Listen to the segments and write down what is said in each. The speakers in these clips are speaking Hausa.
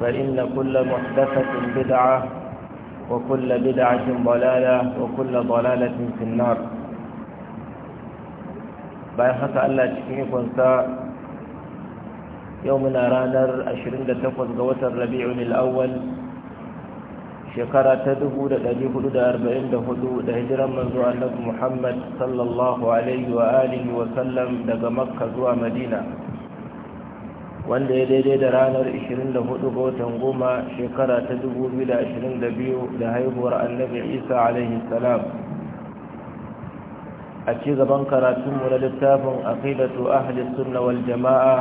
فإن كل محدثة بدعة وكل بدعة ضلالة وكل ضلالة في النار bayan haka Allah cikin ikonsa yau muna ranar 28 ga watan rabi'un al'awwal shekara ta 1444 da hijiran manzo annabi Muhammad sallallahu alaihi wa wa sallam daga Makka zuwa Madina wanda ya daidai da ranar 24 ga watan goma shekara ta 2022 da haihuwar annabi isa alaihi salam a ci gaban karatunmu na littafin aqidatu ahli sunna wal jama'a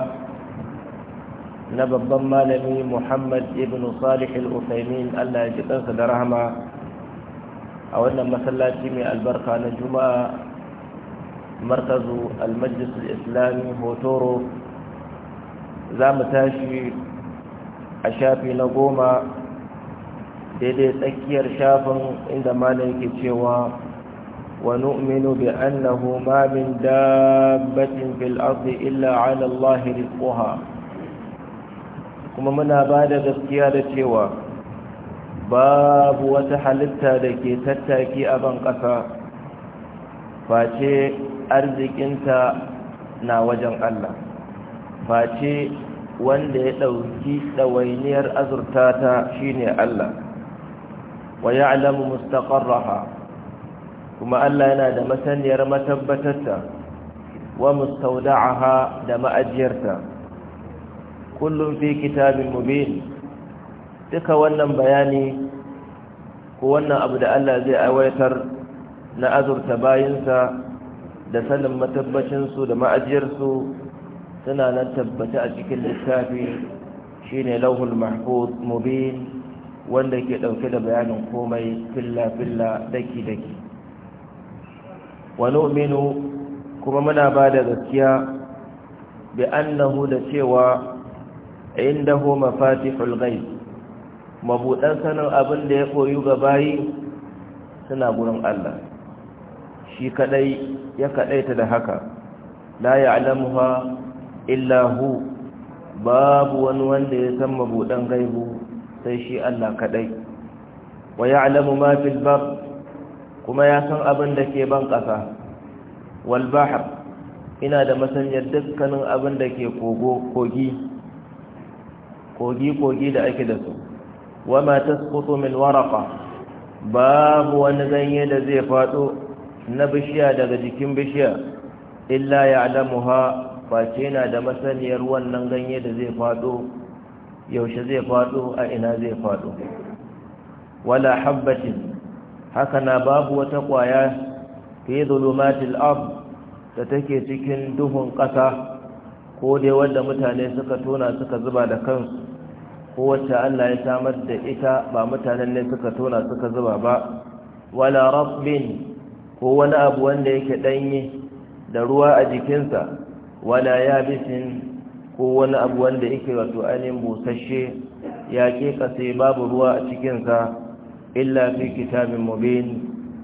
na babban malami muhammad ibn salih al-usaimin allah ya ji kansa da rahama a wannan masallaci mai albarka na juma'a markazu al-majlis al-islami hotoro za mu tashi a shafi na goma daidai tsakiyar shafin inda malam yake cewa wani nu'minu bi annahu ma min dabbatin fil ardi illa 'ala Allah kuma muna ba da gaskiya da cewa babu wata halitta da ke tattaki a ban ƙasa face arzikinta na wajen Allah face wanda ya ɗauki ɗawainiyar azurta ta shine Allah wa ya'lamu mustaqarraha kuma Allah yana da masaniyar matabbatarta wa mustawda'aha da ma'ajiyarta kullum fi kitabin mubin duka wannan bayani ko wannan abu da Allah zai aiwatar na azurta bayinsa da sanin matabbacinsu da ma'ajiyarsu suna nan tabbata a cikin littafi shine lauhul mahfuz mubin wanda ke dauke da bayanin komai filla filla daki daki wa nu'minu kuma muna ba da gaskiya bi annahu da cewa indahu mafatihul ghaib mabudan sanin abin da ya koyu ga bayi suna gurin Allah shi kadai ya kadaita da haka la ya'lamuha illa hu babu wani wanda ya san mabudan gaibu sai shi Allah kaɗai. wa ya'lamu ma fil kuma ya san abin da ke ban kasa wal bahr ina da masaniyar dukkanin abin da ke kogo kogi kogi kogi da ake da su wa ma tasqutu min waraqa babu wani ganye da zai faɗo na bishiya daga jikin bishiya illa ya'lamuha face yana da masaniyar wannan ganye da zai fado yaushe zai fado a ina zai fado wala habbatin haka na babu wata kwaya fi zulumatil ard da take cikin duhun ƙasa ko dai wanda mutane suka tona suka zuba da kansu ko wacce Allah ya samar da ita ba mutanen ne suka tona suka zuba ba wala rabbin ko wani abu wanda yake danye da ruwa a jikinsa wala yabisin ko wani abu wanda yake wato ainihin busasshe ya ke kase babu ruwa a cikinsa illa fi kitabin mubin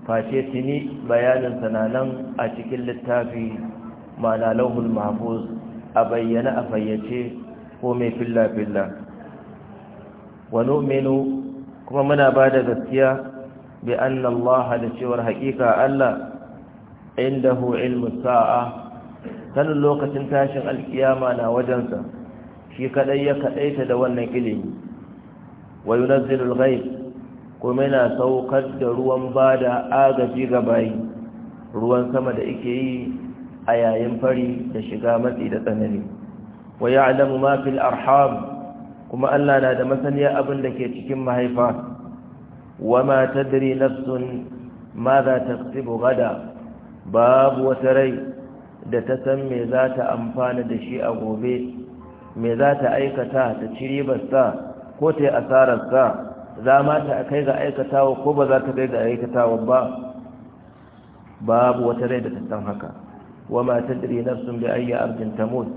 face tuni bayanin sananan a cikin littafi ma'ana lauhul mahfuz a bayyana a fayyace ko mai filla-filla wani menu kuma muna ba da gaskiya bi annallaha da cewar hakika Allah inda ilmu sa'a sanin lokacin tashin alkiyama na wajensa shi kadai ya kadaita da wannan ilimi wa yunazzilul ghaib kuma yana saukar da ruwan bada agaji ga bayi ruwan sama da yake yi a yayin fari da shiga matsi da tsanani wa ya'lamu ma fil arham kuma Allah na da masaniya abin da ke cikin mahaifa wa ma tadri nafsun ma za ta gada babu wata rai da ta san me za ta amfana da shi a gobe me za ta aikata ta ci basta ko ta yi asararsa za ma ta kai ga aikatawa ko ba za ta kai ga aikatawa ba babu wata rai da ta san haka wa ma na sun bi ayyar arzikin tamus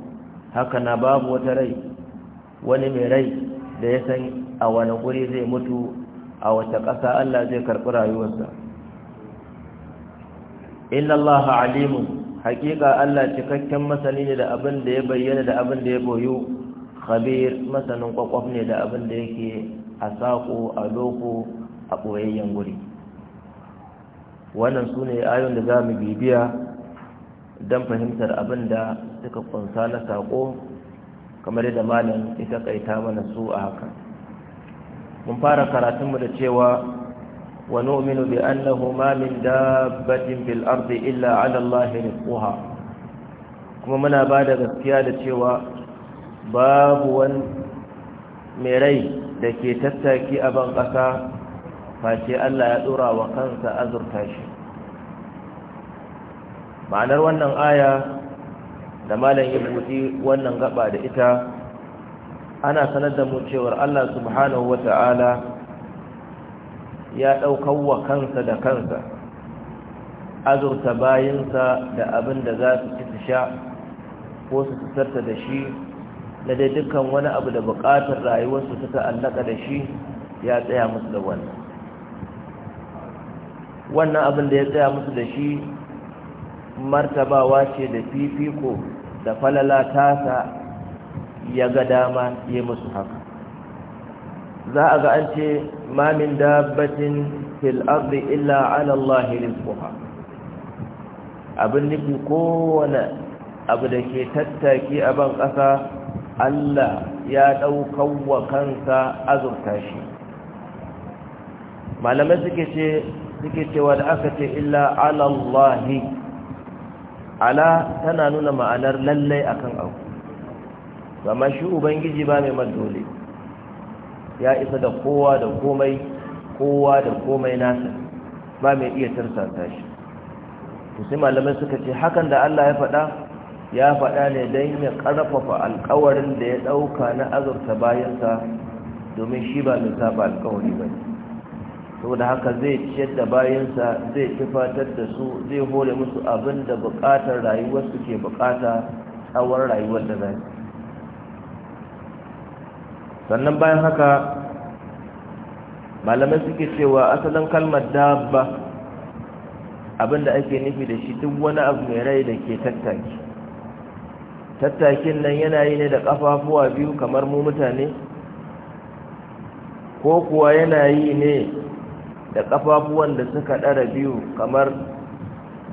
haka na babu wata rai wani mai rai da ya san a wani guri zai mutu a wata ƙasa Allah zai karɓi rayuwarsa inna allaha alimun hakika Allah cikakken masani ne da abin da ya bayyana da abin da ya boyo khabir masanin kwakwaf ne da abin da yake a saƙo a loko a ɓoyayyen guri wannan su ne ayon da za mu bibiya don fahimtar abin da suka kunsa na saƙo kamar yadda malam ita kaita mana su a haka mun fara karatunmu da cewa ونؤمن بأنه ما من دابة في الأرض illa على الله رزقها kuma muna ba da gaskiya da cewa babu wani mai rai da ke tattaki a ban ƙasa face Allah ya ɗora wa kansa azurta shi ma'anar wannan aya da malam ya buɗi wannan gaba da ita ana sanar da mu cewar Allah subhanahu wata'ala ya ɗaukar wa kansa da kansa azurta bayansa da abin da za su ci sha ko su tsarta da shi da dai dukkan wani abu da buƙatar rayuwarsu ta ta'allaka da shi ya tsaya musu da wannan wannan abin da ya tsaya musu da shi martabawa ce da fifiko da falala tasa ya ga dama ya musu haka za a ga an ce ما من دابة في الأرض إلا على abin nufi kowane abu da ke tattaki a ban ƙasa Allah ya ɗaukan wa kansa azurta shi malamai suke ce suke cewa da aka ce illa alallahi ala tana nuna ma'anar lallai akan abu zama shi ubangiji ba mai dole. ya isa da kowa da komai kowa da komai nasa ba mai iya tarsanta shi sai malamai suka ce hakan da Allah ya faɗa ya faɗa ne don ya ƙarfafa alƙawarin da ya ɗauka na azurta bayansa domin shi ba mai saba alƙawari ba da haka zai ciyar da bayansa zai tufatar da su zai hore musu abin da buƙatar rayuwarsu ke buƙata tsawon rayuwar da zai sannan bayan haka malamai suke cewa asalin kalmar dabba abinda ake nufi da shi duk wani abu mai rai da ke tattaki tattakin nan yana yi ne da kafafuwa biyu kamar mu mutane ko kuwa yana yi ne da kafafuwan da suka ɗara biyu kamar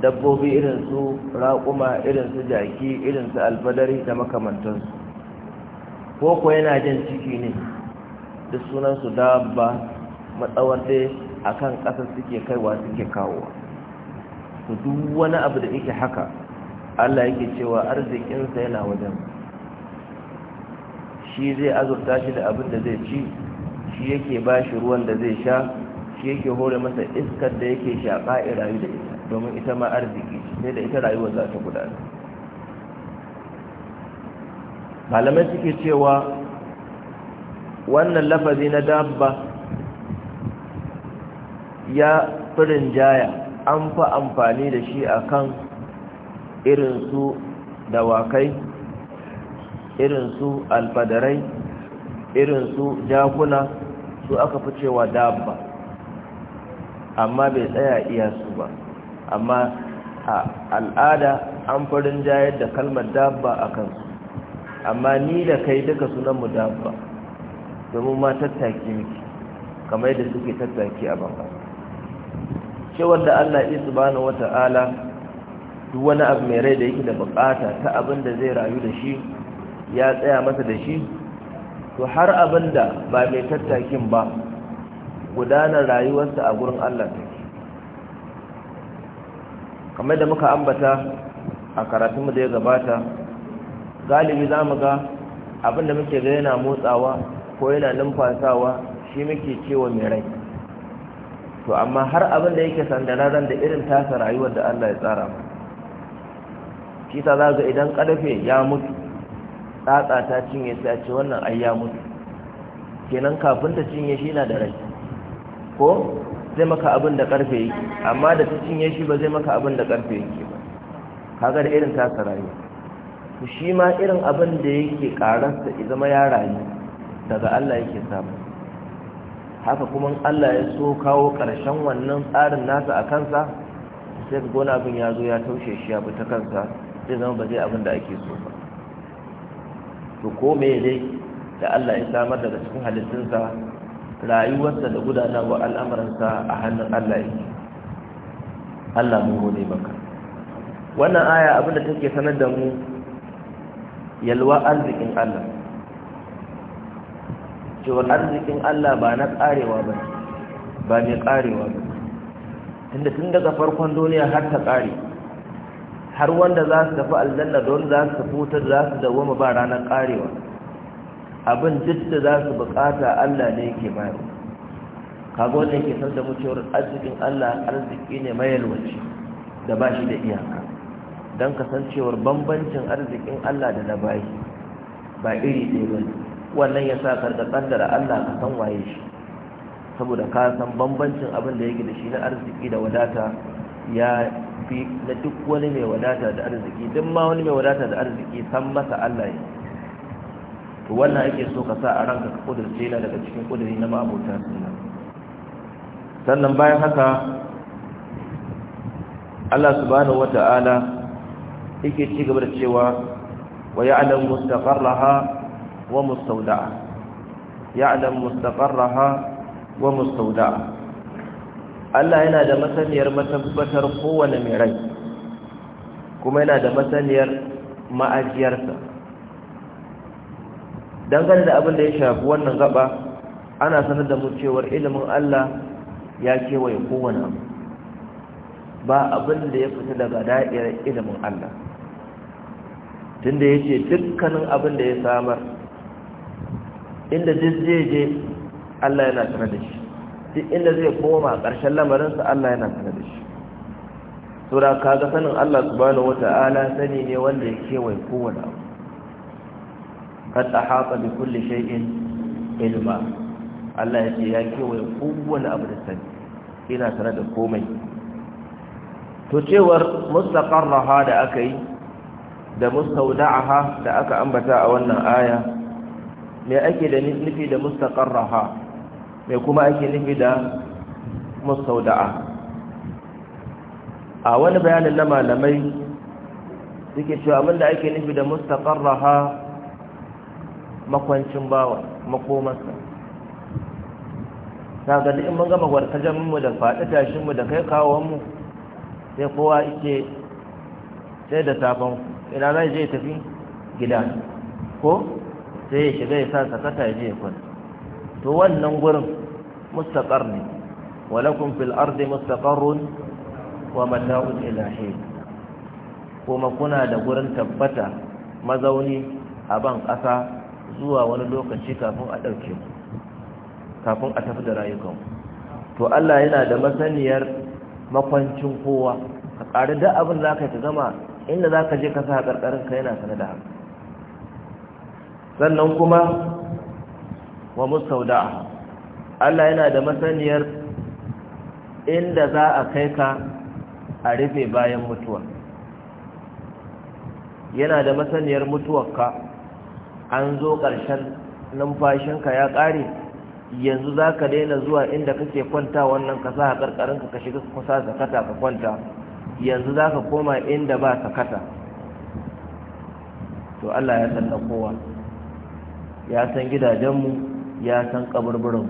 dabbobi irinsu raƙuma irinsu jaki irinsu alfadari da makamantansu ko ko yana jin ciki ne da duk sunansu dabba matsawar dai akan ƙasar suke kaiwa suke kawowa ku duk wani abu da yake haka Allah yake cewa arzikinsa yana wajen shi zai azurta shi da abin da zai ci shi yake ba shi ruwan da zai sha shi yake hore masa iskar da yake shaka rayu da ita domin ita ma arziki sai da ita rayuwar za ta gudana malamai suke cewa wannan lafazi na dabba ya firin jaya an fi amfani da shi akan irin su dawakai irin alfadarai irin jakuna su aka fi cewa dabba amma bai tsaya iya su ba amma a al'ada an farin jayar da kalmar dabba a kansu amma ni da kai duka sunan mu dabba domin ma tattaki miki kamar yadda suke tattaki a banka cewar da Allah ya subhanahu wata'ala duk wani abu mai rai da yake da bukata ta abin da zai rayu da shi ya tsaya masa da shi to har abinda ba mai tattakin ba gudanar rayuwarsa a gurin Allah take kamar da muka ambata a karatunmu da ya gabata galibi za mu ga abinda muke ga yana motsawa ko yana numfasawa shi muke cewa mai rai to amma har abin da yake sandararren da irin tasa rayuwar da Allah ya tsara mu shi ta za ga idan ƙarfe ya mutu tsatsa ta cinye sai a ce wannan ai ya mutu kenan kafin ta cinye shi na da rai ko zai maka abin da ƙarfe yake amma da ta cinye shi ba zai maka abin da ƙarfe yake ba kaga da irin tasa rayuwa to shi ma irin abin da yake ƙararsa zama ya rayu daga Allah yake samu haka kuma Allah ya so kawo ƙarshen wannan tsarin nasa a kansa sai ga gona abin ya zo ya taushe shi ya fita kansa zai zama ba zai abin da ake so ba to ko me dai da Allah ya samar daga cikin halittunsa rayuwarsa da gudanarwa al'amuransa a hannun Allah yake Allah mun gode maka wannan aya abin da take sanar da mu yalwa arzikin Allah cewar arzikin Allah ba na karewa ba ba mai karewa ba tunda tun daga farkon duniya har ta kare har wanda za su tafi aljanna don za su fitar za su dawoma ba ranar karewa abin duk da za su bukata Allah ne yake bayar kaga wanda yake san da mu cewa arzikin Allah arziki ne mai yalwaci da ba shi da iyaka don kasancewar bambancin arzikin Allah da na bayi ba iri ɗaya ba wannan ya sa karka kaddara Allah ka san waye shi saboda ka san bambancin abin da yake da shi na arziki da wadata ya fi na duk wani mai wadata da arziki duk ma wani mai wadata da arziki san masa Allah ya to wannan ake so ka sa a ranka ka kudurce na daga cikin kuduri na ma'abota sunan sannan bayan haka Allah subhanahu Ta'ala. yake ci gaba da cewa wa ya'lam mustaqarraha wa mustawda'a ya'lam mustaqarraha wa mustawda'a Allah yana da masaniyar matabbatar kowane mai rai kuma yana da masaniyar ma'ajiyarsa dangane da abin da ya shafi wannan gaba ana sanar da mu cewar ilimin Allah ya kewaye kowane ba abin da ya fita daga da'irar ilimin Allah tunda ya ce dukkanin abin da ya samar inda je Allah yana sanar da shi duk inda zai koma ƙarshen lamarinsa Allah yana sanar da shi sura kaga sanin Allah subhanahu wata'ala sani ne wanda ya kewaye kowane abu kad ahata bi kulle shaikin ilma Allah ya ce ya kewaye kowane abu da sani ina sanar da komai to cewar mustaqarraha da aka yi da mustawda'aha da aka ambata a wannan aya me ake da nufi da mustaqarraha me kuma ake nufi da mustawda'a a wani bayanin na malamai suke cewa da ake nufi da mustaqarraha makwancin bawa makomarsa daga da in mun gama mu da faɗi tashinmu da kai kawonmu sai kowa ike sai da safanku ina zai je tafi gida ko sai ya shiga ya sa sakata ya je ya to wannan gurin mustaqar ne walakum fil ardi mustaqarrun wa mata'un ila hin kuma kuna da gurin tabbata mazauni a ban ƙasa zuwa wani lokaci kafin a ɗauke ku kafin a tafi da rayukan to Allah yana da masaniyar makwancin kowa ka ƙari da abin za ka ta zama inda za ka je ka sa a ka yana sanar da haka sannan kuma wa musauda Allah yana da masaniyar inda za a kai ka a rufe bayan mutuwa yana da masaniyar ka. an zo ƙarshen numfashinka ya ƙare yanzu za ka daina zuwa inda kake kwanta wannan ka sa a ƙarƙarinka ka shiga kusa da ka kwanta yanzu za ka koma inda ba sakata to Allah ya san kowa ya san gidajenmu ya san kaburburanmu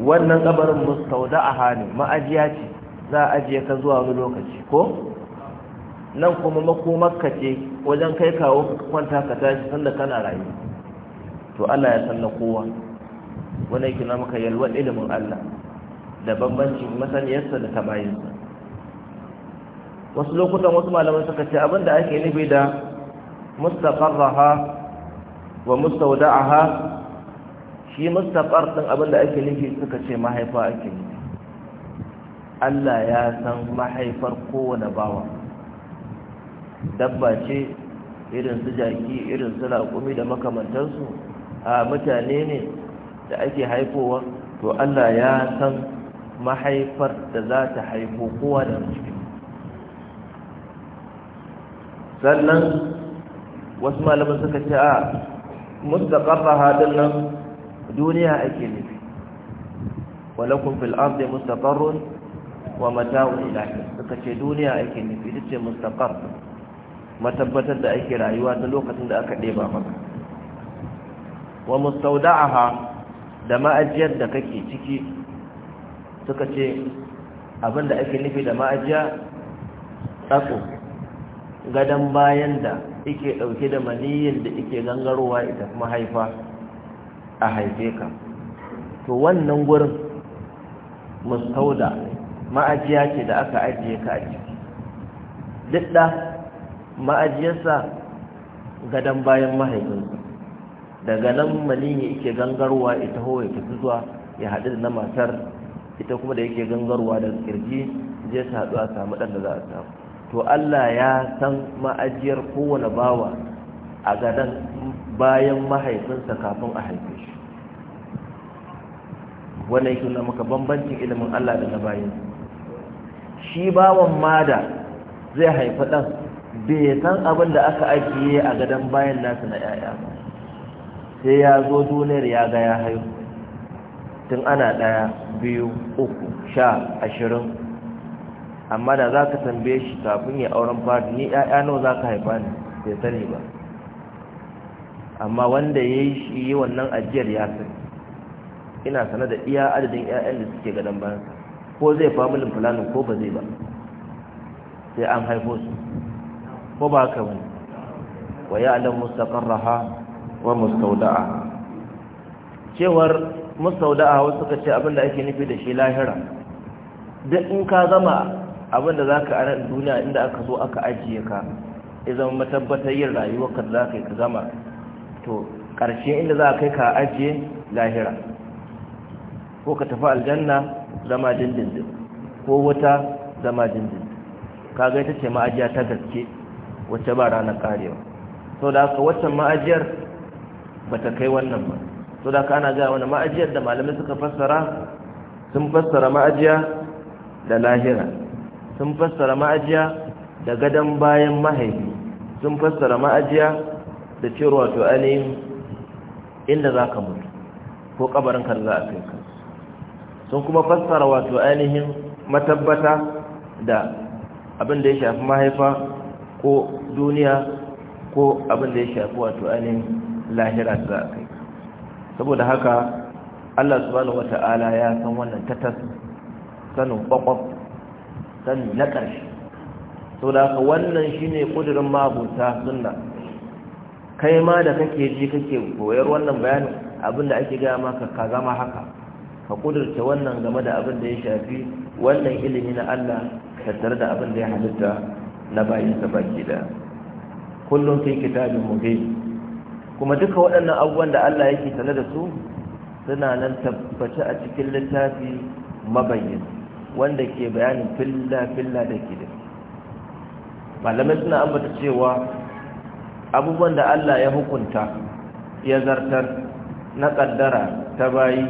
wannan kabarin mustauda a hannu ma'ajiya ce za a ajiye ka zuwa wani lokaci ko nan kuma makomarka ce wajen kai kawo kwanta ka tashi sanda kana rayu to Allah ya san kowa wani kina maka yalwar ilimin Allah da bambancin masaniyarsa da tabayinsa wasu lokutan wasu malaman suka ce abinda ake nufi da mustaqarraha wa mustawda'aha shi mustaqar din abinda ake nufi suka ce mahaifa ake nufi Allah ya san mahaifar kowane bawa dabba ce irin su jaki irin su raƙumi da makamantansu a mutane ne da ake haifowa to Allah ya san mahaifar da za ta haifo kowa da ciki sannan wasu malamin suka ce a mustaqarra hadin nan duniya ake nufi walakun fil ardi mustaqarrun wa mata'un ila suka ce duniya ake nufi ita ce mustaqarr matabbatar da ake rayuwa ta lokacin da aka deba maka wa mustawda'aha da ma'ajiyar da kake ciki suka ce abinda ake nufi da ma'ajiya tsako gadon bayan da ike ɗauke da maniyin da ike gangarowa ita kuma haifa a haife ka to wannan gurin mustauda ma'ajiya ce da aka ajiye ka a ciki duk da ma'ajiyarsa gadon bayan mahaifinsa daga nan maniyi ike gangarowa ita hawa ta zuwa ya haɗu da na matar ita kuma da yake gangarowa da kirji zai haɗu a samu ɗan da za a samu to Allah ya san ma'ajiyar kowane bawa a gadan bayan mahaifinsa kafin a haife shi wanda yake na maka bambancin ilimin Allah da na bayan shi bawan ma da zai haifi ɗan bai san abin da aka ajiye a gadon bayan nasu na 'ya'ya sai ya zo duniyar ya ga ya haihu tun ana ɗaya biyu uku sha ashirin amma da za ka tambaye shi kafin ya auren fadi, ni ‘ya'ya nawa za ka haifa ne bai sani ba amma wanda ya yi shi yi wannan ajiyar ya sani ina sana da iya adadin ‘ya'yan da suke gadon bayan ko zai familin fulanin ko ba zai ba sai an haifo su ko ba ka wani wa ya alam mustaqarraha wa mustauda'a cewar mustauda'a wasu ka ce abin da ake nufi da shi lahira duk in ka zama abinda za ka anan duniya inda aka zo aka ajiye ka ya zama matabbatar yin rayuwa da za ka yi ka zama to ƙarshe inda za kai ka ajiye lahira ko ka tafi aljanna zama dindindin ko wata zama dindindin ga ita ce ma'ajiya ta gaske wacce ba ranar karewa so da haka waccan ma'ajiyar ba ta kai wannan ba so da haka ana gaya wani ma'ajiyar da malamai suka fassara sun fassara ma'ajiya da lahira sun fassara ma'ajiya da gadon bayan mahaifi sun fassara ma'ajiya da cewar wato ainihin inda za ka mutu ko kabarin kar za a kai ka sun kuma fassara wato ainihin matabbata da abin da ya shafi mahaifa ko duniya ko abin da ya shafi wato ainihin lahira za a kai saboda haka Allah subhanahu wata'ala ya san wannan tatas sanin kwakwaf sani na ƙarshe to da ka wannan shine kudirin mabuta sunna kai ma da kake ji kake koyar wannan bayanin abin da ake gaya maka ka zama haka ka kudurce wannan game da abin da ya shafi wannan ilimi na Allah tattare da abin da ya halitta na bayinsa baki da kullum fi kitabin mubin kuma duka waɗannan abubuwan da Allah yake tare da su suna nan tabbata a cikin littafi mabayyin wanda ke bayanin filla-filla da ke da malamai suna ambata cewa abubuwan da Allah ya hukunta ya zartar na kaddara ta bayi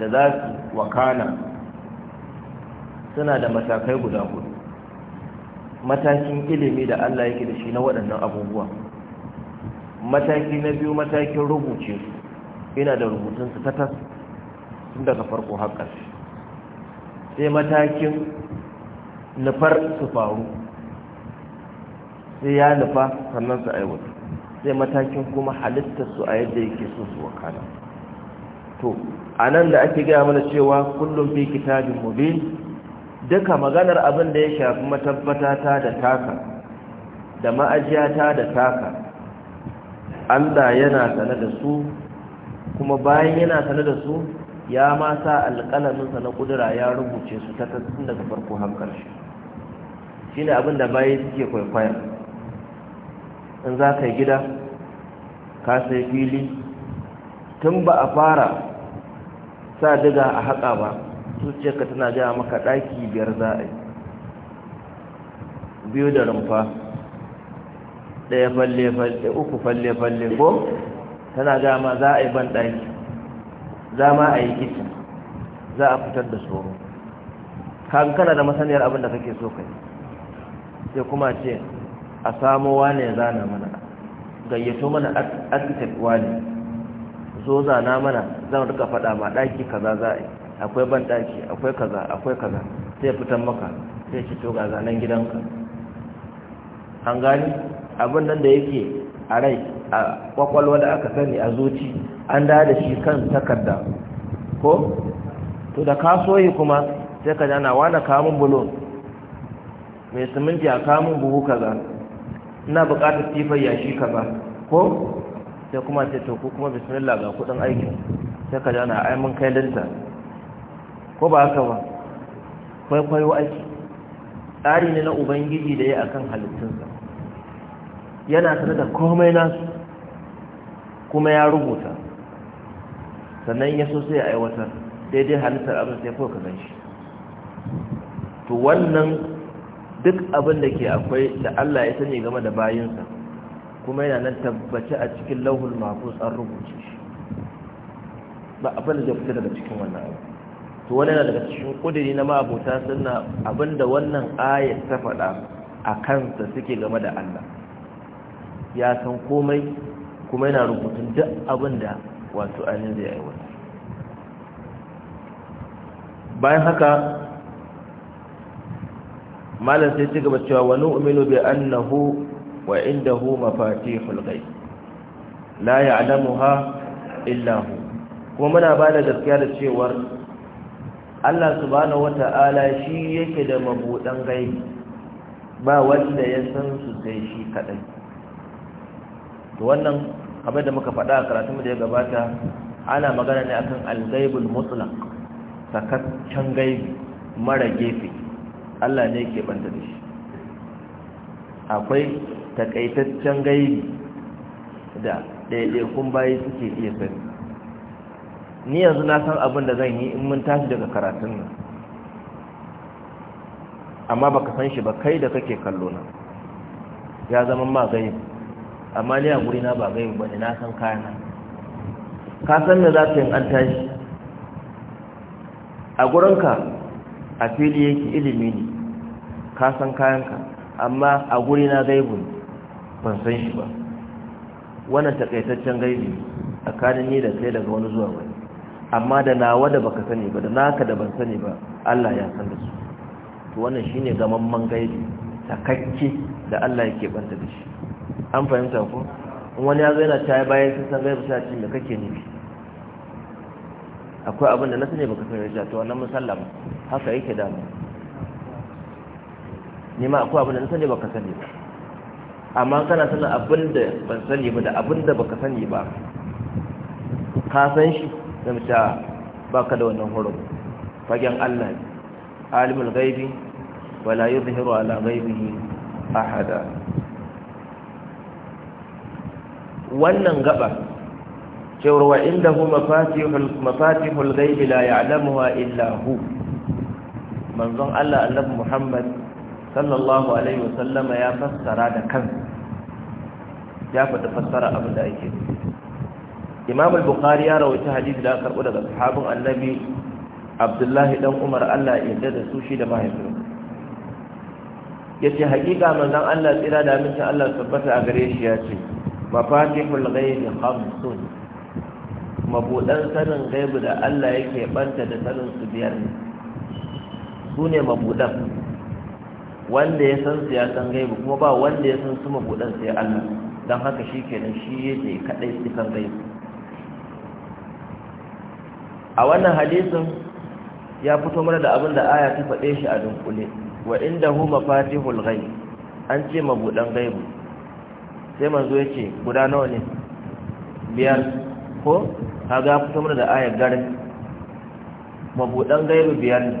da za su wakana suna da matakai guda hudu matakin ilimi da Allah yake da shi na waɗannan abubuwa mataki na biyu matakin rubuce su ina da rubutunsu ta tas tun daga farko haƙar sai matakin nufar su faru sai ya nufa sannan su aiwata sai matakin kuma halittar su a yadda yake su su wakana to a nan da ake gaya mana cewa kullum fi kitabin mubin duka maganar abin da ya shafi matabbata ta da taka da ma'ajiya ta da taka Allah yana sane da su kuma bayan yana sane da su ya ma sa alƙalaminsa na ƙudura ya rubuce su ta tattun daga farko hankar shi shi ne abin da bayi suke kwaikwaya in za ka yi gida ka sai fili tun ba a fara sa diga a haƙa ba ka tana gaya maka ɗaki biyar za a yi biyu da rumfa ɗaya falle-falle uku falle-falle ko tana gaya za a yi ban ɗaki za ma a yi kisa za a fitar da tsoro kankana da masaniyar abin da kake so kai sai kuma ce a samo wane ya zana mana gayyato mana architect wane zo zana mana zan rika faɗa ma ɗaki kaza za a yi akwai ban ɗaki akwai kaza akwai kaza sai fitan maka sai ci to ga zanen gidanka an gani abin nan da yake a rai a kwakwalwa da aka sani a zuci an da da shi kan takarda ko to da kasoyi kuma sai ka jana wani kamun bulon mai siminti a kamun buhu kaza ina bukatar tifar yashi kaza ko sai kuma sai to kuma bismillah ga kudin aikin sai ka jana a mun kai linta ko ba haka ba kwaikwayo aiki tsari ne na ubangiji da ya a kan halittunsa yana sanar da komai nasu kuma ya rubuta sannan ya so sai a aiwatar daidai halittar abin sai kawai ka gan shi to wannan duk abin da ke akwai da Allah ya sani game da bayinsa kuma yana nan tabbaci a cikin lauhul mafus an rubuce shi ba abin da zai fita daga cikin wannan abu to wani yana daga cikin kudiri na ma'abota suna abin da wannan ayat ta faɗa a kansa suke game da Allah ya san komai kuma yana rubutun duk abin da wato ainihin zai aiwata bayan haka malam sai ci gaba cewa wani umilu bai annahu wa inda hu mafati hulgai la adamu illa illahu kuma muna ba da gaskiya da cewar Allah subhanahu wata'ala shi yake da mabudan gaibi ba wanda ya san su sai shi kadai to wannan kamar da muka faɗa a karatun da ya gabata ana magana ne akan al-ghaibul mutlaq sakaccen gaibi mara gefe Allah ne ke banta da shi akwai takaitaccen gaibi da ɗaiɗaikun bayi suke iya sani ni yanzu na san abin da zan yi in mun tashi daga karatun nan amma baka san shi ba kai da kake kallo na ya zama ma gaibi amma ni a na ba gaibu ba ne na san kayana ka san me za ka yi an tashi a gurinka a fili yake ilimi ne ka san kayanka amma a gurina gaibu ban san shi ba wannan takaitaccen gaibi tsakanin ni da kai daga wani zuwa wani amma da nawa da baka sani ba da naka da ban sani ba Allah ya san da su to wannan shine gamamman gaibi takakke da Allah yake banta da shi an fahimta ko wani ya zo yana ta bayan sun san gaibu sai cikin da kake nufi akwai abin da na sani baka sani ya to wannan musallama haka yake da mu ne ma akwai abin da na sani baka sani ba amma kana sanin abin da ban sani ba da abin da baka sani ba ka san shi da mita baka da wannan horo fagen Allah alimul ghaibi wala yuzhiru ala ghaibihi ahada wannan gaba cewar wa indahu mafatihul ghaibi la ya'lamuha illa hu manzon Allah annabi Muhammad sallallahu alaihi wasallama ya fassara da kansa ya fada fassara abin da ake Imam al-Bukhari ya rawaita hadisi da karbu daga sahabin annabi Abdullahi dan Umar Allah ya yarda da su shi da mahaifinsa yace haƙiƙa manzon Allah tsira da amincin Allah tabbata a gare shi ya ce mafatihul ghaibi khamsun mabudan sanin gaibu da Allah yake banta da sanin su biyar ne su ne mabudan wanda ya san su ya san gaibu kuma ba wanda ya san su mabudan sai Allah don haka shi kenan shi yake kadai su kan gaibu a wannan hadisin ya fito mana da abin da aya ta faɗe shi a dunkule wa indahu mafatihul ghaib an ce mabudan gaibu sai manzo ya ce guda nawa ne biyar ko kaga fito mana da ayar garin mabudan gairu biyar ne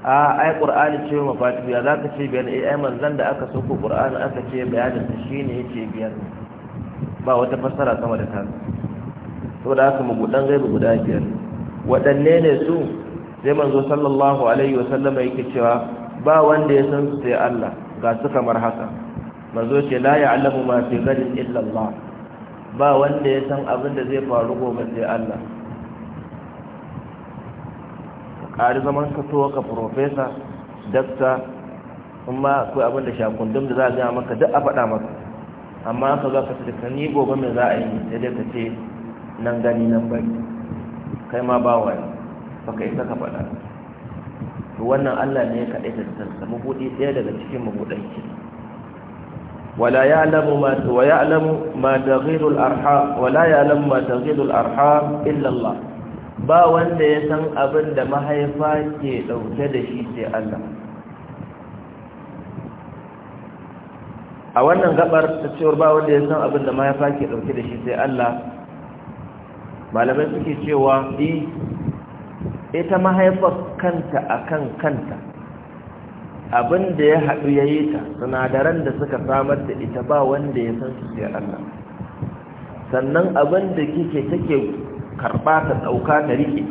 a ai qur'ani ce biyar ya zaka ce biyar ne ai manzan da aka soko qur'ani aka ce bayanin shi shine yake biyar ne ba wata fassara sama da ta da aka mabudan gairu guda biyar wadanne ne su sai manzo sallallahu alaihi wasallam yake cewa ba wanda ya san su sai Allah ga su kamar haka mazo ce la ya'lamu ma fi ghadin illa ba wanda ya san abin da zai faru gobe sai Allah ƙari zaman ka to ka profesa dakta kuma ko abin da shakundum da za a gaya maka duk a faɗa maka amma ka ga ka sadaka ni gobe mai za a yi sai dai ka ce nan gani nan bari kai ma ba wani baka isa ka faɗa to wannan Allah ne ya kaɗai ta samu mabuɗi ɗaya daga cikin mabuɗanki ولا يعلم ما ويعلم ما تغير الارحام ولا يعلم ما تغير الارحام الا الله wanda ya san abin da mahaifa ke dauke da shi sai Allah a wannan gabar ta cewar ba wanda ya san abin da mahaifa ke dauke da shi sai Allah malamai suke cewa ita mahaifar kanta akan kanta abin da ya haɗu ya yi ta sinadaran da suka samar da ita ba wanda ya san su sai Allah sannan abin da kike take karɓa ta ɗauka ta riƙe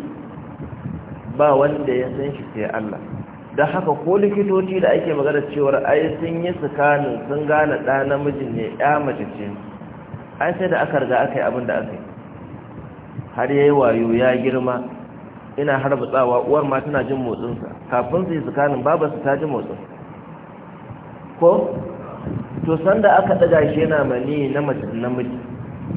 ba wanda ya san shi sai Allah da haka ko likitoci da ake magana cewar ai sun yi tsakanin sun gane ɗa namijin ne ya mace ce ai sai da aka riga aka yi abin da aka yi har ya yi wayo ya girma ina harbutsawa uwar ma tana jin motsinsa kafin su yi tsakanin su ta ji motsin ko to sanda aka ɗaga shi yana mani na mace da namiji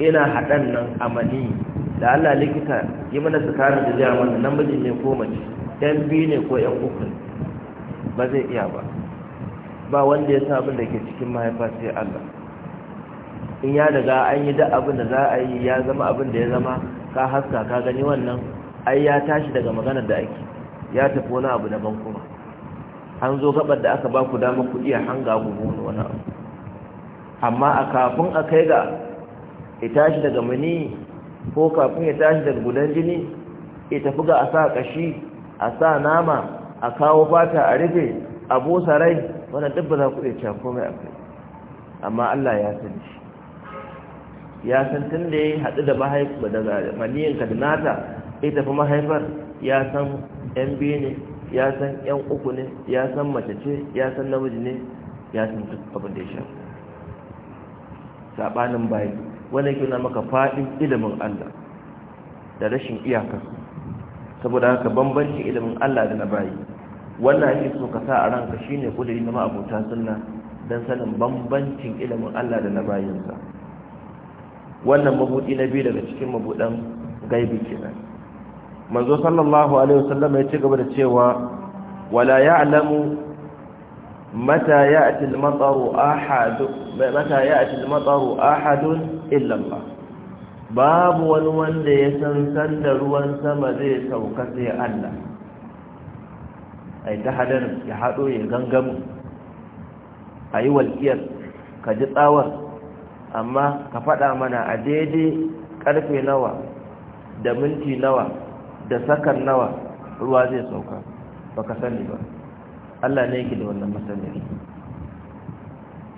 ina haɗan nan a mani da Allah likita yi mana tsakanin da jiya mana namiji ne ko mace ɗan biyu ne ko ɗan uku ba zai iya ba ba wanda ya sa abin da ke cikin mahaifa sai Allah in ya daga an yi da abin da za a yi ya zama abin da ya zama ka haska ka gani wannan ai ya tashi daga maganar da ake ya tafi wani abu daban kuma an zo gabar da aka ba ku dama ku iya hanga gugu wani abu amma a kafin a kai ga ya tashi daga mani ko kafin ya tashi daga gudan jini ya tafi ga a sa kashi a sa nama a kawo fata a rufe a busa rai wani duk ba za ku iya cewa mai akwai amma Allah ya san shi ya san tun da ya haɗu da mahaifa daga maniyinka da nata ya tafi mahaifar ya san yan biyu ne ya san yan uku ne ya san mace ce ya san namiji ne ya san duk abin da ya sha saɓanin bayi wani yake na maka faɗin ilimin Allah da rashin iyaka saboda haka bambanci ilimin Allah da na bayi wannan ake so ka sa a ranka shine kudiri na ma'abota sunna don sanin bambancin ilimin Allah da na bayinsa wannan mabuɗi na biyu daga cikin mabuɗan gaibi kenan manzo sallallahu alaihi wasallam ya ci gaba da cewa wala ya'lamu mata ya'ti al-mataru ahad mata ya'ti al-mataru ahad illa Allah babu wani wanda ya san sanda ruwan sama zai sauka sai Allah ai ta hadar ya hado ya gangamu ayi walkiyar ka ji tsawar amma ka faɗa mana a daidai karfe nawa da minti nawa da sakan nawa ruwa zai sauka baka sani ba Allah ne yake da wannan masaniri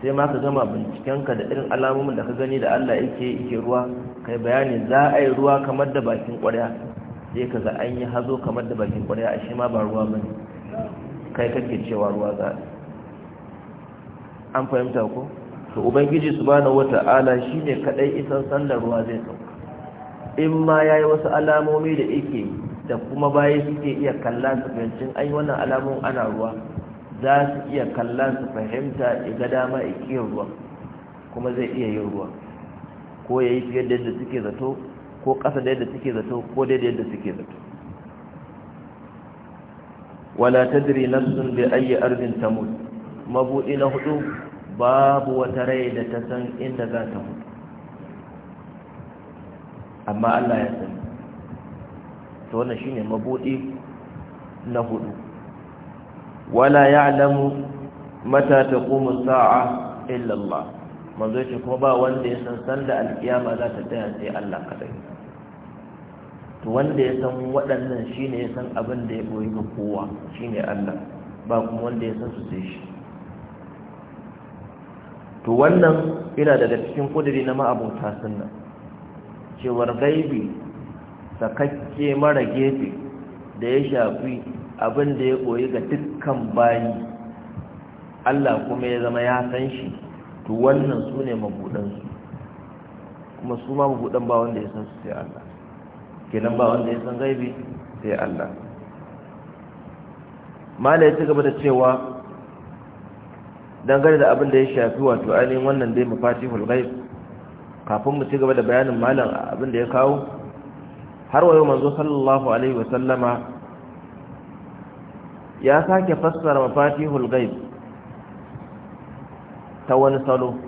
sai ma ka gama bincikenka da irin alamomin da ka gani da Allah yake yake ruwa kai bayani za a yi ruwa kamar da bakin ƙwarya sai ka za an yi hazo kamar da bakin ƙwarya a shi ma ba ruwa ba ne kai kake cewa ruwa za an fahimta ko to ubangiji subhanahu wata'ala shine kadai isan sallar ruwa zai sauka in ma ya yi wasu alamomi da ike da kuma bayan suke iya kalla su fahimcin ai wannan alamun ana ruwa za su iya kalla su fahimta ga dama ikiyar ruwa kuma zai iya yin ruwa ko ya yi fiye da yadda suke zato ko ƙasa da yadda suke zato ko daidai yadda suke zato wala tadri nafsun bi ayi ardin tamut mabudi na hudu babu wata rai da ta san inda za ta mutu amma Allah ya sani to wannan shine mabudi na hudu wala ya'lamu mata taqumu sa'a illa Allah manzo ce kuma ba wanda ya san sanda alkiyama za ta tsaya sai Allah kadai to wanda ya san waɗannan shine ya san abin da ya boye ga kowa shine Allah ba kuma wanda ya san su sai shi to wannan ina daga cikin kudiri na ma'abota sunna cewar gaibi sakakke mara gefe da ya shafi abin da ya koyi ga dukkan bayi Allah kuma ya zama ya san shi to wannan su ne mabudansu kuma su ma mabudan ba wanda ya san su sai Allah kenan ba wanda ya san gaibi sai Allah mala ya ci gaba da cewa dangane da abin da ya shafi wato ainihin wannan dai mafatihul gaibi kafin mu ci gaba da bayanin malam abin da ya kawo har wayo manzo sallallahu alaihi wasallama ya sake fassara mafatihul ghaib ta wani salo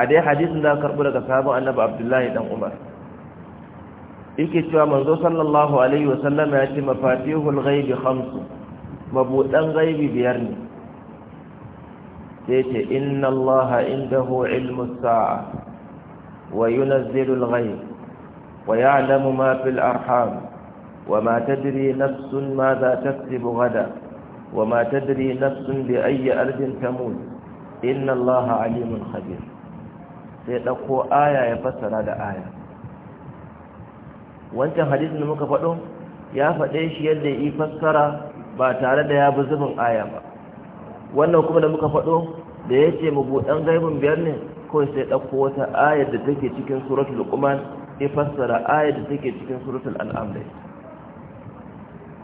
a dai hadisin da karbu daga sabon annabi abdullahi dan umar yake cewa manzo sallallahu alaihi wasallama ya ce mafatihul ghaibi khamsu mabudan ghaibi biyar ne sai ce inna allaha indahu ilmus sa'a وينزل الغيب ويعلم ما في الأرحام وما تدري نفس ماذا تكسب غدا وما تدري نفس بأي أرض تموت إن الله عليم خبير سيدقوا آية يفسر هذا آية wancan hadisin da muka faɗo ya faɗe shi yadda yi fassara ba tare da ya bi zubin aya ba wannan kuma da muka faɗo da ya ce mabuɗan biyar ne kawai sai ɗauko wata ayar da take cikin suratul luqman ya fassara ayar da take cikin suratul an'am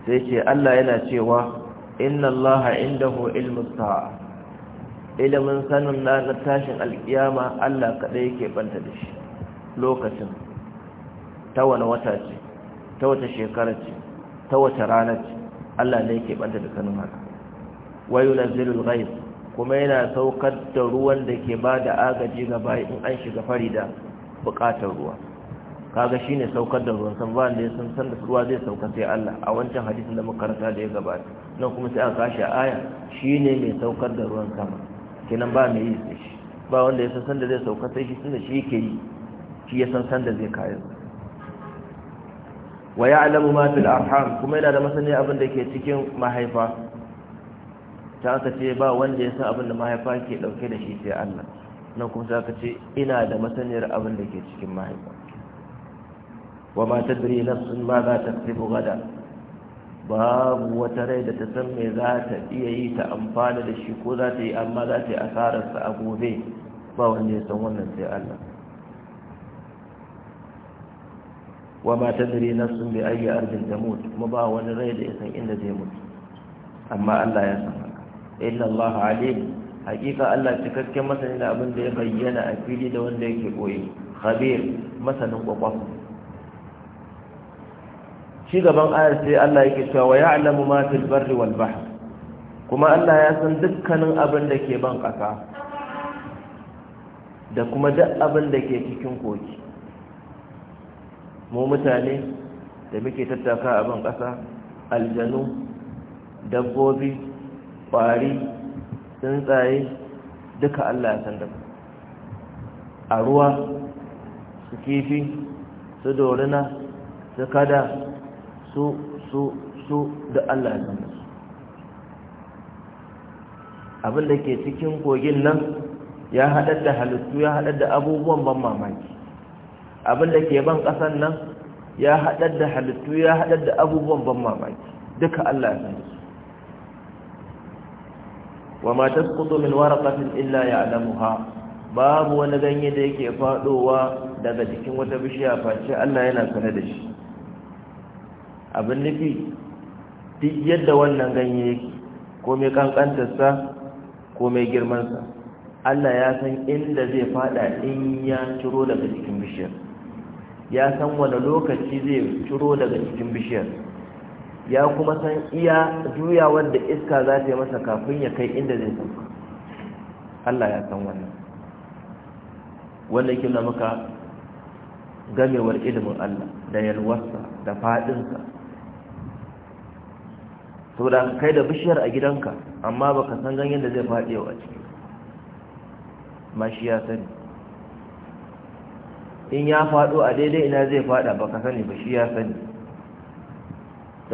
sai ce Allah yana cewa inna Allah ho ilmus sa'a ilimin sanin na tashin alkiyama Allah kaɗai yake banta da shi lokacin ta wani wata ce ta wata shekara ce ta wata rana ce Allah ne yake banta da sanin haka wayunazilul rai? kuma yana saukar da ruwan da ke ba da agaji ga bayi in an shiga fari da bukatar ruwa kaga shi ne saukar da ruwan san ba da ya san san da ruwa zai sauka sai Allah a wancan hadisin da karanta da ya gabata nan kuma sai aka kashi a aya shi ne mai saukar da ruwan sama kenan ba mai yi shi ba wanda ya san san da zai sauka sai shi tunda shi yake yi shi ya san san da zai kayan wa ya'lamu ma fil arham kuma yana da masani abin da ke cikin mahaifa ta aka ce ba wanda ya san abin da mahaifa ke dauke da shi sai Allah nan kuma za ka ce ina da masaniyar abin da ke cikin mahaifa wa ma tadri nafsun ma za ta tsibu gada babu wata rai da ta san me za ta iya yi ta amfana da shi ko za ta yi amma za ta yi asararsa a gobe ba wanda ya san wannan sai Allah wa ma tadri nafsun bi ayyi ardin tamut kuma ba wani rai da ya san inda zai mutu amma Allah ya san inna Allah alim hakika Allah cikakken masani da abin da ya bayyana a fili da wanda yake koyi khabir masanin kwakwaf shi gaban ayar sai Allah yake cewa wa ya'lamu ma fil barri wal bahr kuma Allah ya san dukkanin abin da ke ban kasa da kuma duk abin da ke cikin koki mu mutane da muke tattaka a ban kasa aljanu dabbobi ƙwari tsuntsaye duka Allah ya san da a ruwa su kifi su dorina su kada su su su da Allah ya san da Abin abinda ke cikin kogin nan ya haɗar da halittu ya haɗar da abubuwan ban mamaki abinda ke ban ƙasan nan ya haɗar da halittu ya haɗar da abubuwan ban mamaki duka Allah ya san da su وما تسقط illa ورقة إلا Babu wani ganye da yake fadowa daga cikin wata bishiya face Allah yana sanar da shi abin nufi duk yadda wannan ganye yake ko mai kankantarsa ko mai girmansa Allah ya san inda zai fada in ya ciro daga cikin bishiyar ya san wani lokaci zai ciro daga cikin bishiyar ya kuma san iya juya wanda iska za ta yi masa kafin ya kai inda zai sauka Allah ya san wannan Wannan yake na maka gamewar ilimin Allah da yalwarsa da faɗinsa to da kai da bishiyar a gidanka amma baka san ganyen da zai faɗi a ciki ma shi ya sani in ya faɗo a daidai ina zai faɗa baka sani ba shi ya sani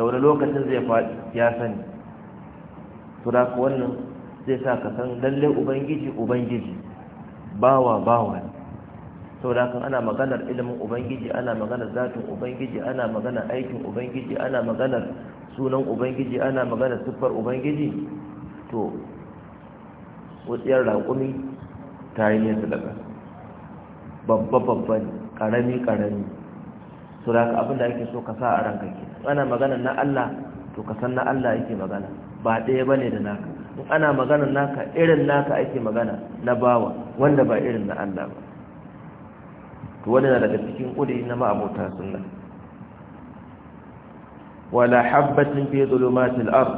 da wani lokacin zai faɗi ya sani to da wannan zai sa ka san lalle ubangiji ubangiji bawa bawa saboda kan ana maganar ilimin ubangiji ana maganar zatin ubangiji ana maganar aikin ubangiji ana maganar sunan ubangiji ana maganar siffar ubangiji to wutsiyar raƙumi ta yi nesa daga babba babban ƙarami ƙarami to da abin da ake so ka sa a ranka ke ana magana na Allah to ka san na Allah yake magana ba ɗaya bane da naka in ana magana naka irin naka ake magana na bawa wanda ba irin na Allah ba to wanda daga cikin kudi na ma'abota sunna wala habbatin fi zulumatil ard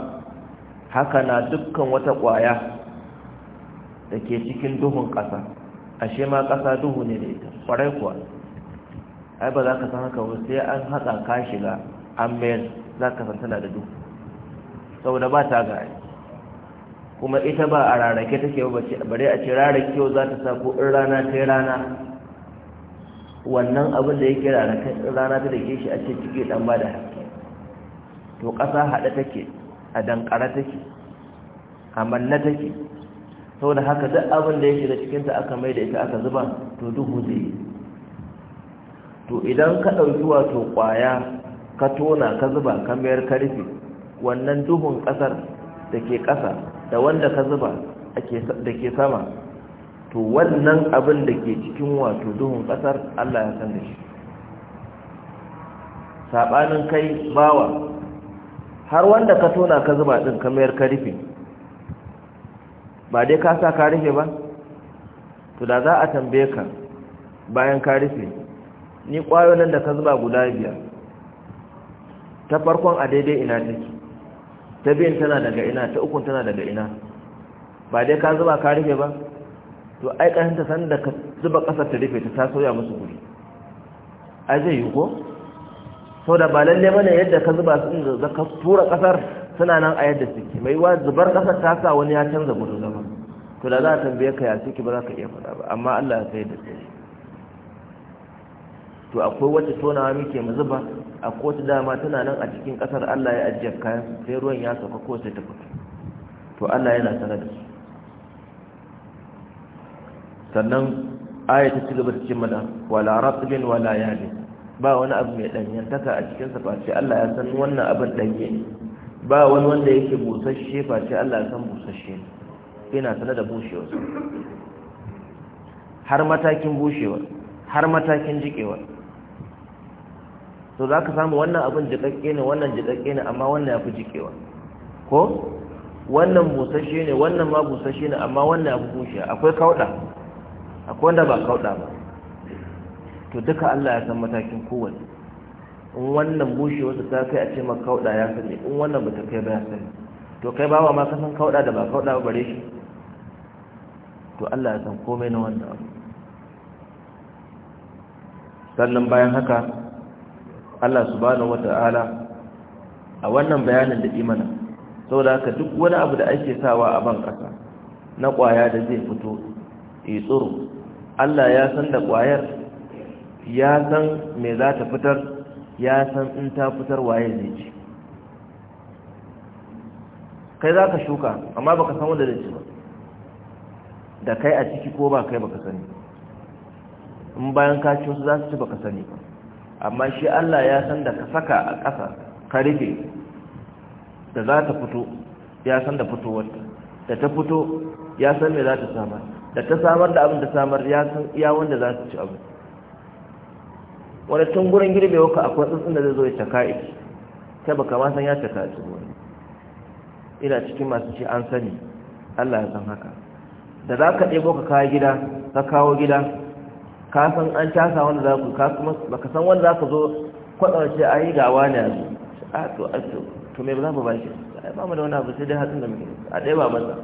haka na dukkan wata ƙwaya da ke cikin duhun ƙasa ashe ma ƙasa duhu ne da ita kwarai kuwa ai ba za ka san haka ba sai an haƙa ka shiga an mayar za ka san tana da duk saboda ba ta ga kuma ita ba a rarake take ba bare a ce rarake za ta sa ko in rana ta yi rana wannan abin da yake rarake in rana ta dake shi a ce cike dan ba da haske to ƙasa haɗa take a dankara take a manna take saboda haka duk abin da yake da cikinta aka mai da ita aka zuba to duhu zai yi to idan ka ɗauki wato ƙwaya ka tona ka zuba ka mayar ka rufe wannan duhun ƙasar da ke ƙasa da wanda ka zuba da ke sama to wannan abin da ke cikin wato duhun ƙasar Allah ya san da shi saɓanin kai bawa har wanda ka tona ka zuba ɗin ka mayar ka rufe ba dai ka sa ka rufe ba to da za a tambaye ka bayan ka rufe ni ƙwayo nan da ka zuba guda biyar ta farkon a daidai ina take ta biyan tana daga ina ta ukun tana daga ina ba dai ka zuba ka rufe ba to ai ƙashin ta sanda ka zuba ƙasar ta rufe ta ta soya musu guri ai zai yi ko sau da ba lalle mana yadda ka zuba sun da ka tura ƙasar suna nan a yadda suke mai wa zubar ƙasar ta sa wani ya canza gudu zama to da za a tambaye ka ya suke ba za ka iya faɗa ba amma Allah ya sai da sai to akwai wacce tonawa muke mu zuba akwai wata dama tana nan a cikin kasar Allah ya ajiye kayan sai ruwan ya sauka ko sai ta fito to Allah yana sanar da su sannan aya ta ci gaba da ce wala ratbin wala yali ba wani abu mai danyantaka a cikin sa sai Allah ya san wannan abin danye ba wani wanda yake busasshe sai Allah ya san busasshe Ina sanar da bushewa har matakin bushewa har matakin jikewa to za ka samu wannan abin jiƙaƙƙe ne wannan jiƙaƙƙe ne amma wannan ya fi jiƙewa ko wannan busashe ne wannan ma busashe ne amma wannan ya fi bushiya akwai kauɗa akwai wanda ba kauɗa ba to duka Allah ya san matakin kowane in wannan bushe wasu ta kai a ce ma kauɗa ya sani in wannan bata kai ba ya sani to kai bawa ma ka san kauɗa da ba kauɗa ba bare shi to Allah ya san komai na wannan sannan bayan haka Allah subhanahu wata'ala a wannan bayanin da imana saboda haka duk wani abu da ake sawa a ban ƙasa na ƙwaya da zai fito yi tsoro Allah ya san da ƙwayar ya san me za ta fitar ya san in ta fitar waye zai ci kai za ka shuka amma baka san wanda zai ci ba da kai a ciki ko ba kai baka sani in bayan kacin wasu za su ci baka sani ba amma shi Allah ya san da ka saka a ƙasa ka rufe da za ta fito ya san da fitowarta da ta fito ya san me za ta samar da ta samar da abin da samar ya san iya wanda za su ci abin wani tun gurin girbe waka akwai tsuntsun da zai zo ya caka iki ta baka ma san ya caka a cikin wani ina cikin masu shi an sani Allah ya san haka da za ka ɗebo ka kawo gida ka kawo gida Kasan an casa wanda za ku ka baka san wanda za ku zo kwaɗa ce yi gawa ne a zo a ah, to a to to me ba za mu ba shi ai ba mu da wani abu sai dai hatsin da muke a ɗaya ba maza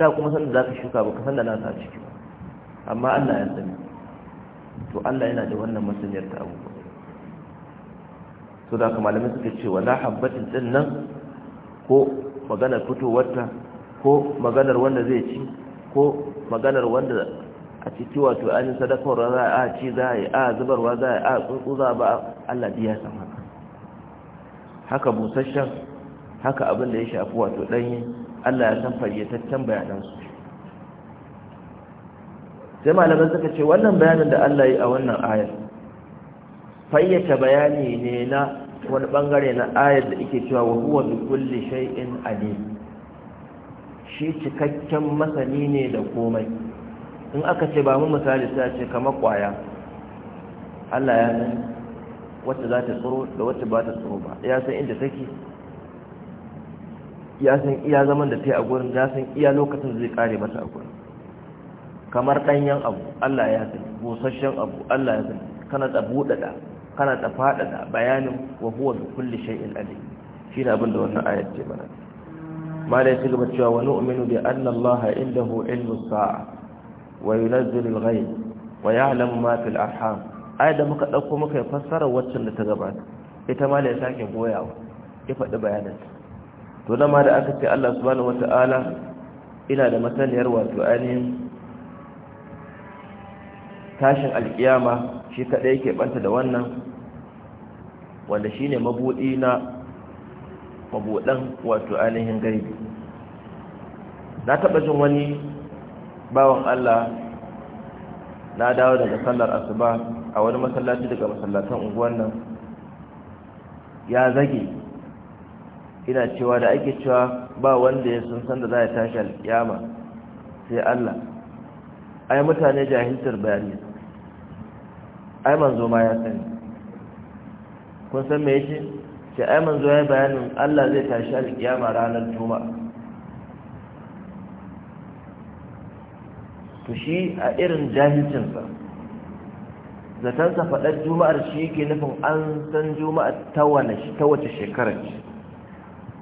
da kuma san da za ka shuka ba ka san da na sa ciki amma Allah ya sani to Allah yana da wannan masaniyar ta abubuwa to da kuma malamai suka ce wala habbatin din nan ko maganar fitowarta ko maganar wanda zai ci ko maganar wanda a ciki wato ainihin sadakarwa za a ci za a yi a zubarwa za a yi a tsuntsu za a ba Allah biya san haka haka busasshen haka abin da ya shafi wato ɗanyi Allah ya san fayyataccen bayanansu sai malaman suka ce wannan bayanin da Allah yi a wannan ayar fayyace bayani ne na wani bangare na ayar da ake cewa wa huwa bi kulli shay'in alim shi cikakken masani ne da komai in aka ce ba mu misali sai ce kamar kwaya Allah ya san wacce za ta tsoro da wacce ba ta tsoro ba ya san inda take ya san iya zaman da ta yi a gurin ya san iya lokacin zai kare mata a gurin kamar ɗanyen abu Allah ya san busasshen abu Allah ya san kana ta buɗaɗa kana ta faɗaɗa bayanin wa huwa bi kulli shay'in alim shi ne abin da wannan ayat ce mana malai ci gaba cewa wa nu'minu bi anna Allah indahu ilmus sa'a wa yunazzilu al-ghayb wa ya'lamu ma da muka dauko muka fassara waccan da ta gabata ita ma da sake goyawa ya faɗi bayanin to da ma da aka ce Allah subhanahu wata'ala ina da masaniyar wato ainihin tashin alkiyama shi kaɗai yake banta da wannan wanda shi ne mabuɗi na mabuɗan wato ainihin gaibi na taɓa jin wani bawan Allah na dawo daga sallar asuba a wani masallaci daga masallatan unguwan nan ya zage ina cewa da ake cewa ba wanda ya sun san da za a tashi alƙiyama sai Allah ai mutane jahiltar bayani ai manzo ma ya sani kun san me yake ce ai manzo ya bayanin Allah zai tashi alƙiyama ranar juma'a to shi a irin jahilcinsa zatansa faɗar juma'ar shi ke nufin an san juma'ar ta wace shekarar ce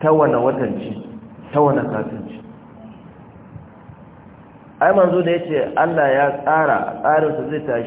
ta wane watan ce ta wane katin ce ai manzo da ya ce allah ya tsara tsarinsa zai tashi